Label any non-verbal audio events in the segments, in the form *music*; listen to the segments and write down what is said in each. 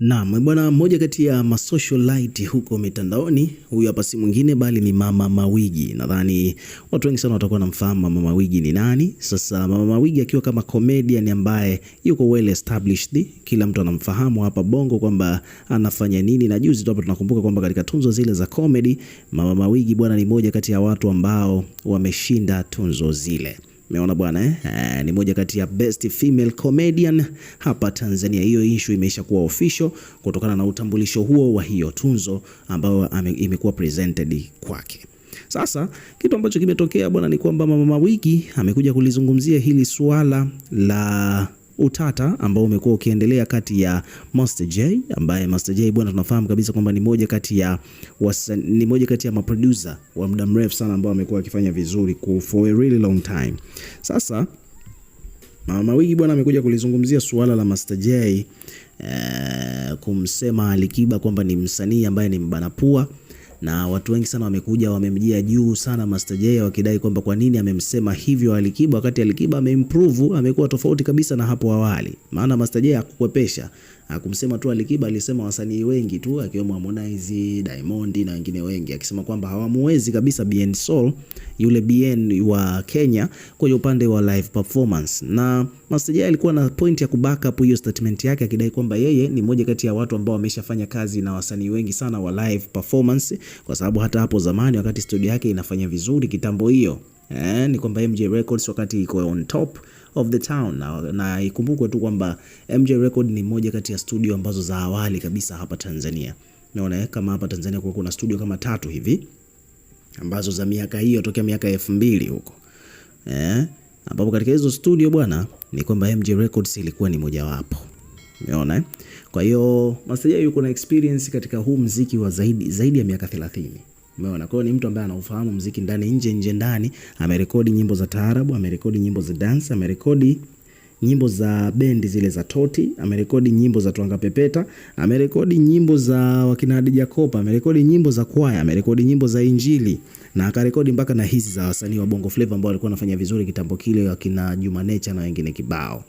Naam, bwana mmoja kati ya masocialite huko mitandaoni, huyu hapa si mwingine bali ni Mama Mawigi. Nadhani watu wengi sana watakuwa namfahamu Mama Mawigi ni nani. Sasa Mama Mawigi akiwa kama comedian ambaye yuko well established, kila mtu anamfahamu hapa Bongo kwamba anafanya nini, na juzi tu hapa tunakumbuka kwamba katika tunzo zile za comedy Mama Mawigi bwana ni mmoja kati ya watu ambao wameshinda tunzo zile meona bwana eh? Eh, ni moja kati ya best female comedian hapa Tanzania. Hiyo issue imeisha kuwa official kutokana na utambulisho huo wa hiyo tunzo ambayo imekuwa presented kwake. Sasa kitu ambacho kimetokea bwana ni kwamba Mama Wiki amekuja kulizungumzia hili suala la utata ambao umekuwa ukiendelea kati ya Master J ambaye Master J bwana, tunafahamu kabisa kwamba ni moja kati ya ni moja kati ya maproducer wa muda mrefu sana ambao amekuwa akifanya vizuri for a really long time. Sasa Mama Wigi bwana amekuja kulizungumzia suala la Master J eh, kumsema Alikiba kwamba ni msanii ambaye ni mbanapua pua na watu wengi sana wamekuja wamemjia juu sana Master J wakidai kwamba kwa nini amemsema hivyo Alikiba wakati Alikiba ameimprove, amekuwa tofauti kabisa na hapo awali. Maana Master J hakukwepesha, hakumsema tu Alikiba, alisema wasanii wengi tu akiwemo Harmonize, Diamond na wengine wengi, akisema kwamba hawamuwezi kabisa BN Soul, yule BN wa Kenya kwenye upande wa live performance. Na Master J alikuwa na point ya kuback up hiyo statement yake akidai kwamba yeye ni mmoja kati ya watu ambao wameshafanya kazi na wasanii wengi sana wa live performance kwa sababu hata hapo zamani wakati studio yake inafanya vizuri kitambo hiyo eh, ni kwamba MJ Records wakati iko on top of the town na, na ikumbukwe tu kwamba MJ Record ni moja kati ya studio ambazo za awali kabisa hapa Tanzania. Naona eh, kama hapa Tanzania kwa kuna studio kama tatu hivi ambazo za miaka hiyo tokea miaka elfu mbili huko eh, ambapo katika hizo studio bwana, ni kwamba MJ Records ilikuwa ni mojawapo. Umeona eh? Kwa hiyo Master Jay yuko na experience katika huu mziki wa zaidi, zaidi ya miaka 30. Umeona? Kwa hiyo ni mtu ambaye anaufahamu mziki ndani nje, nje ndani. Amerekodi nyimbo za taarabu, amerekodi nyimbo za dance, amerekodi nyimbo za bendi zile za Toti, amerekodi nyimbo za Twanga Pepeta, amerekodi nyimbo za wakina Hadi Jacopa, amerekodi nyimbo za kwaya, amerekodi nyimbo za Injili na akarekodi mpaka na hizi za wasanii wa Bongo Flava ambao walikuwa wanafanya vizuri kitambo kile, wakina Juma Nature na wengine kibao.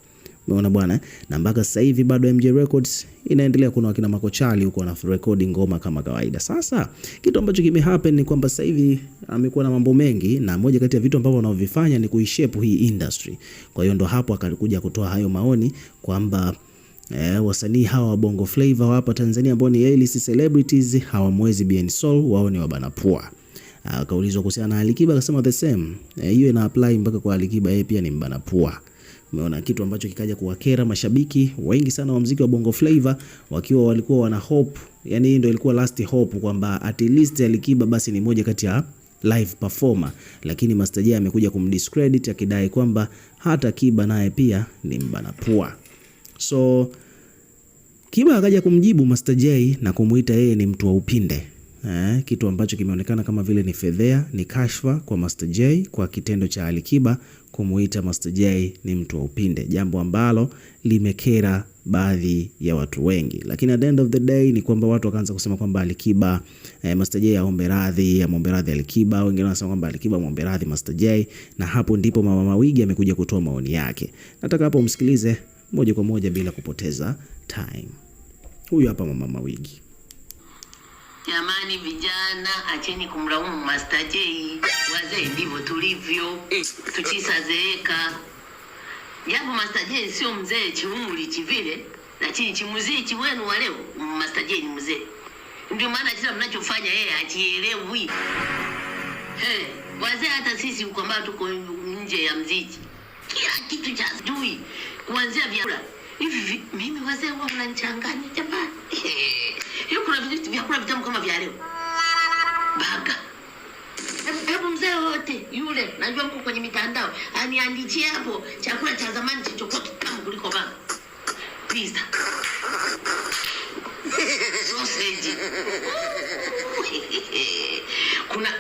Umeona bwana, na mpaka sasa hivi bado MJ Records inaendelea kuna wakina Makochali huko na rekodi ngoma kama kawaida. Sasa kitu ambacho kime happen ni kwamba sasa hivi amekuwa na mambo mengi, na moja kati ya vitu ambavyo wanavyovifanya ni kuishape hii industry. Kwa hiyo ndo hapo akalikuja kutoa hayo maoni kwamba Eh, wasanii hawa wa Bongo Flava hapa Tanzania ambao ni A-list celebrities hawamwezi Bien Soul, wao ni wabana wabanapua. Ah, akaulizwa kuhusiana na Alikiba akasema the same. Eh, hiyo eh, ina apply mpaka kwa Alikiba, yeye pia ni mbana mbanapua. Umeona kitu ambacho kikaja kuwakera mashabiki wengi sana wa mziki wa Bongo Flava, wakiwa walikuwa wana hope, yani ndio ilikuwa last hope kwamba at least Alikiba basi ni moja kati ya live performer, lakini Master Jay amekuja kumdiscredit akidai kwamba hata Kiba naye pia ni mbana pua. So Kiba akaja kumjibu Master Jay na kumuita yeye ni mtu wa upinde eh, kitu ambacho kimeonekana kama vile ni fedhea, ni kashfa kwa Master J kwa kitendo cha Alikiba kumuita Master J ni mtu wa upinde, jambo ambalo limekera baadhi ya watu wengi, lakini at the end of the day ni kwamba watu wakaanza kusema kwamba Alikiba eh, Master J aombe radhi, aombe radhi Alikiba. Wengine wanasema kwamba Alikiba aombe radhi Master J, na hapo ndipo Mama Mawigi amekuja kutoa maoni yake. Nataka hapo umsikilize moja kwa moja bila kupoteza time. Huyu hapa Mama Mawigi. Jamani vijana, acheni kumlaumu Master J. Wazee ndivyo tulivyo, eh. tuchisazeeka. Japo Master J sio mzee chiumuli chivile, lakini chimuziki wenu wa leo Master J ni mzee. Ndio maana kila mnachofanya yeye hakielewi. Hey, wazee hata sisi uko mbali, tuko nje ya mziki. Kila kitu cha dui kuanzia vyakula. Hivi mimi wazee wao mnanichanganya jamani. Eh list vyakula vitamu kama vya leo, baka Hebu mzee wote yule, najua mko kwenye mitandao, aniandikie hapo chakula cha zamani kilichokuwa kitamu kuliko baga, pizza, *laughs* sausage *laughs* kuna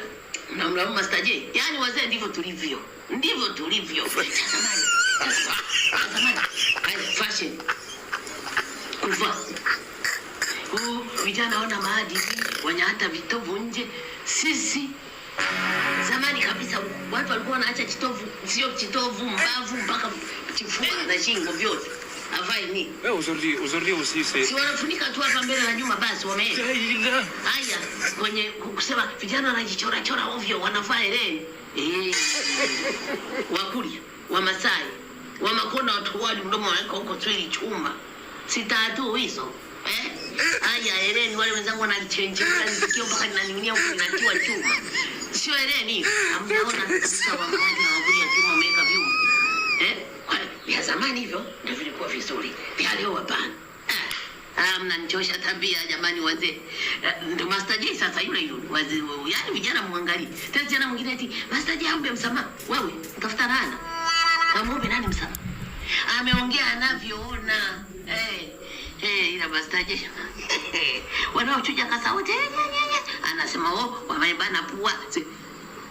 namlamu Master J. Yaani wazee ndivyo tulivyo, ndivyo tulivyo. Zamani, zamani, fashion, kuvaa huu vijana wana maadili, hata vitovu nje. Sisi zamani kabisa watu walikuwa wanaacha chitovu, sio chitovu, mbavu mpaka kifua na shingo vyote. avai ni Wewe aujourd'hui aujourd'hui aussi Si wanafunika tu hapa mbele na nyuma basi wameenda. Haya, kwenye kusema vijana wanajichora chora ovyo wanavaa ile. Eh. Wakuria, Wamasai, Wamakona watu wali mdomo wako huko chuma. Sitatu hizo eh? Haya, ereni wale wenzangu wananichenjeza nisikio mpaka ninaniunia huko ninatiwa chuma. Sio ereni, amnaona kabisa wangaji na waburi ya chuma wameweka vyuma. Eh? Vya zamani hivyo ndio vilikuwa vizuri. Vya leo hapana. Ah, ah mnanichosha tabia jamani wazee. Eh, ndio Master J sasa yule yule wazee wao. Yaani vijana muangalie. Tena jana mwingine eti Master J ambe msamaha. Wewe utafuta laana. Amwombe nani msamaha? Ameongea anavyoona. Eh hey, eh, ila bastaje *laughs* wanaochuja kasauti hey, eh, anasema oh, wamebana pua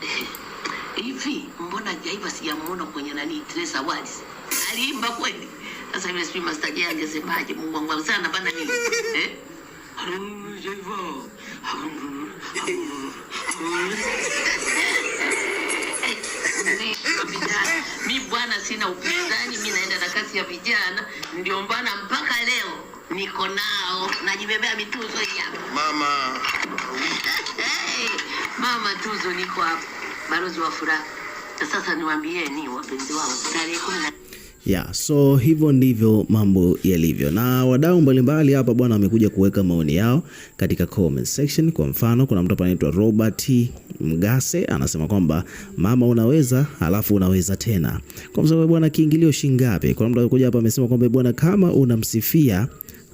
*laughs* hivi mbona jaiva sijamuona kwenye nani aliimba kweli sasa sijui angesemaje Mungu wangu sana nini eh jaiva *laughs* mi bwana sina upinzani mi naenda na kasi ya vijana ndio mbana mpaka leo niko nao, najibebea mituzo hii hapa mama. Hey, mama tuzo niko hapa, balozi wa furaha. Sasa niwaambieni wapenzi wangu tarehe kumi na ya Yeah, so hivyo ndivyo mambo yalivyo, na wadau mbalimbali hapa bwana wamekuja kuweka maoni yao katika comment section. Kwa mfano, kuna mtu anaitwa Robert Mgase anasema kwamba mama unaweza, alafu unaweza tena. Kwa sababu bwana, kiingilio shingapi? Kuna mtu amekuja hapa amesema kwamba bwana, kama unamsifia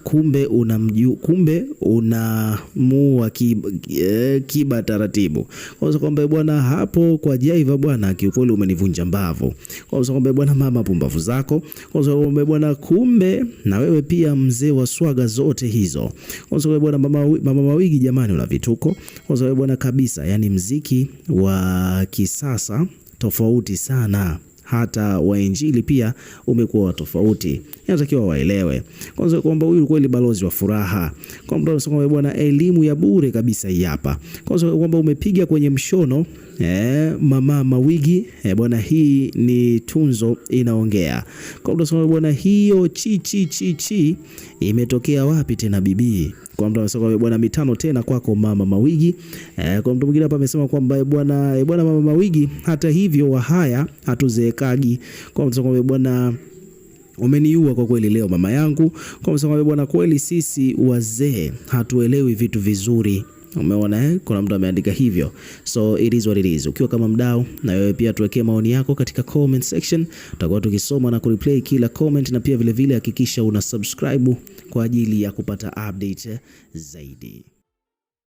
kumbe unamjua, kumbe unamuua kiba, e, kiba taratibu. Kwa kwamba bwana hapo kwa Jaiva bwana, kiukweli umenivunja mbavu. Kwa kwamba bwana mama, pumbavu zako. Kwa kwamba bwana, kumbe na wewe pia mzee wa swaga zote hizo. Kwa kwamba bwana mama, mama mawigi, jamani, una vituko. Kwa kwamba bwana kabisa, yani mziki wa kisasa tofauti sana hata wa Injili pia umekuwa tofauti. Inatakiwa waelewe kwanza kwamba huyu kweli balozi wa furaha, kwamba bwana, elimu ya bure kabisa hii hapa, kwanza kwamba umepiga kwenye mshono e, mama mawigi e, bwana, hii ni tunzo inaongea kwamba bwana, hiyo chi chi chi chi imetokea wapi tena bibii kwa mtu amesema eh, bwana mitano tena kwako mama Mawigi. E, kwa mtu mwingine hapa amesema kwamba eh, bwana bwana mama Mawigi, hata hivyo wahaya hatuzeekagi. Kwa mtu amesema bwana umeniua kwa kweli leo mama yangu. Kwa mtu bwana kweli sisi wazee hatuelewi vitu vizuri. Umeona eh? Kuna mtu ameandika hivyo, so it is what it is. Ukiwa kama mdau, na wewe pia tuwekee maoni yako katika comment section, tutakuwa tukisoma na kureplay kila comment, na pia vilevile hakikisha vile una subscribe kwa ajili ya kupata update eh, zaidi.